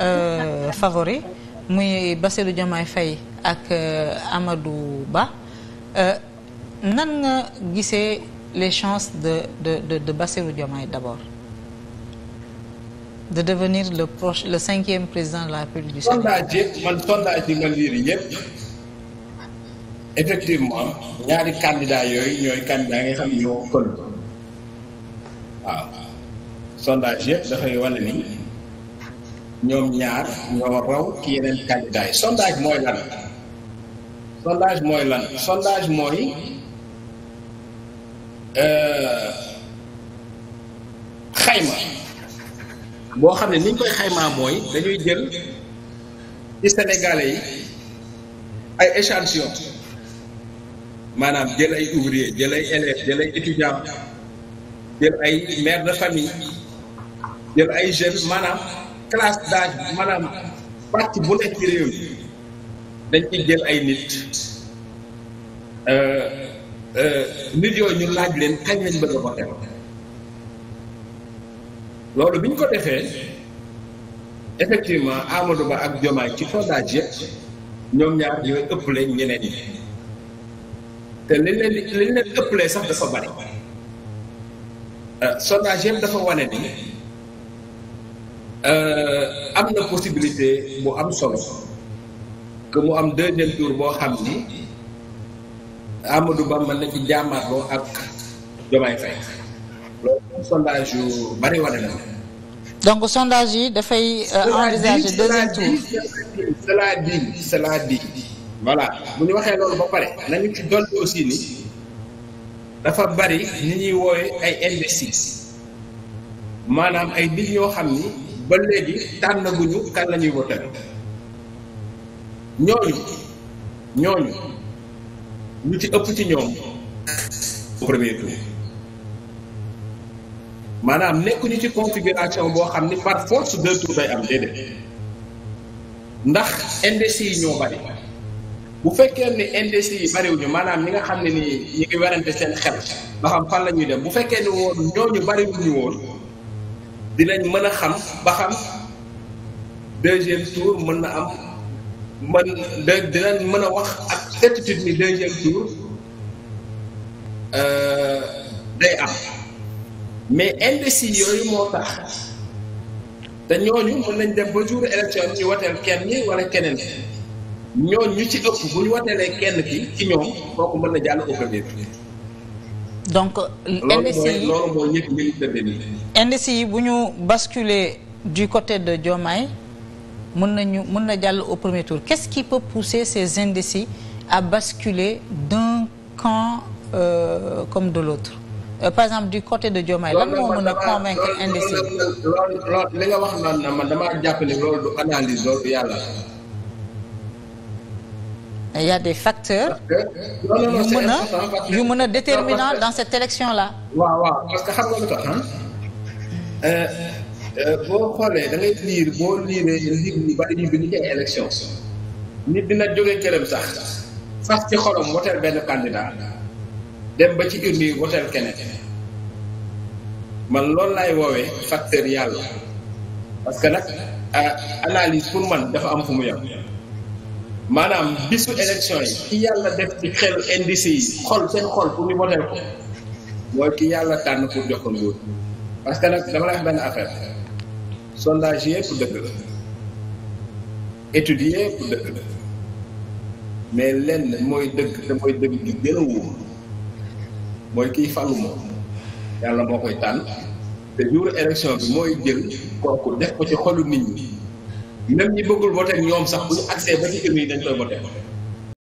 Euh, favori muy Bassirou Diomaye fay ak euh, Amadou Ba euh, nan nga gisee les chances de de de de Bassirou Diomaye d'abord de devenir le proche le cinquième président de la République du Sénégal. man sondage yi ma liir yëpp effectivement ñaari candidat yooyu ñooy candidat nga xam ñoo kon waaw sondage yëpp dafay wane ni. ñoom ñaar ñoo raw ci yeneen candidat yi sondage mooy lan sondage mooy lan sondage euh, xayma boo xam ne ni koy xaymaa mooy dañuy jël ci sénégalais yi ay échantillon maanaam jël ay ouvrier jël ay élèves jël ay étudiants jël ay mère de famille jël ay jeunes maanaam classe d'âge maanaam pàcc bu nekk ci réew mi dañ ci jël ay nit euh, euh, nit yooyu ñu laaj leen kañ lañ bëgg a voté loolu bi ñu ko defee effectivement Amadou Ba ak Diomaye ci sondage yëpp ñoom ñaar ñooy ëppale ñeneen ñi te liñ leen liñ leen ëppalee sax dafa bari euh, sondage yëpp dafa wane ni Euh, am na possibilité bu am solo que mu am deuxième tour boo xam ni Amadou Ba mën na ci jàmmaarloo ak Diomaye Faye sondage yu bari wane na donc sondage yi dafay euh, envisager deuxième tour cela dit cela voilà bu ñu waxee loolu ba pare nañu ci dolli aussi ni dafa bari ni ñuy woowe ay indécis maanaam ay nit ñoo xam ni ba léegi bu ñu kan la ñuy wotal ñooñu ñooñu lu ci ëpp ci ñoom au premier tour maanaam nekkuñu ci configuration boo xam ni par force deux tours day am déedéet ndax indécis ñoo bari bu fekkee ni indécis yi bariwuñu maanaam ñi nga xam ne nii ñu ngi werante seen xel ba xam fan la ñuy dem bu fekkee ni woon ñooñu bariwuñu woon dinañ mën a xam ba xam deuxième tour mën na am man de dinañ mën a wax ak certitude ni deuxième tour euh, day am mais indécis yooyu moo tax te ñooñu mën nañ dem ba jour élection ci wateel kenn wala keneen ñooñu ñu ci ëpp bu ñu wateelee kenn ki ci ñoom kooku mën na jàll au premier donc indice yi bu ñu basculer du côté de Diomaye mën nañu mën na jàll au premier tour qu'est-ce qui peut pousser ces indécis à basculer d'un camp comme de l'autre par exemple du côté de Diomaye lan moo mën a convaincre indécis. loolu li nga loolu du analyse yàlla. il y a des facteurs. yu mën a yu mën a déterminant dans cette élection là. waaw waaw parce que xam nga lu tax euh, euh, boo xoolee da ngay liir boo liiree nit ñi bari ñu bind ci ay élection nit dina jógee këram sax sax ci xolom woteel benn candidat dem ba ci urne yi woteel keneen man loolu laay woowee facteur yàlla parce que nag euh, analyse pour man dafa am fu mu yem. maanaam bisu élection yi ki yàlla def ci xelu NDC yi xol seen xol pour ni voter ko mooy ki yàlla tànn pour jox ko nguur parce que nag dama la benn affaire sondage yëpp dëgg la études yëpp dëgg la mais lenn mooy dëgg te mooy dëgg gi gën a wóor mooy kiy falu moom yàlla moo koy tànn te jour élection bi mooy jël kooku def ko ci xolu nit ñi même ñi bëggul voté ñoom sax bu ñu accès ba ci urne dañ koy voté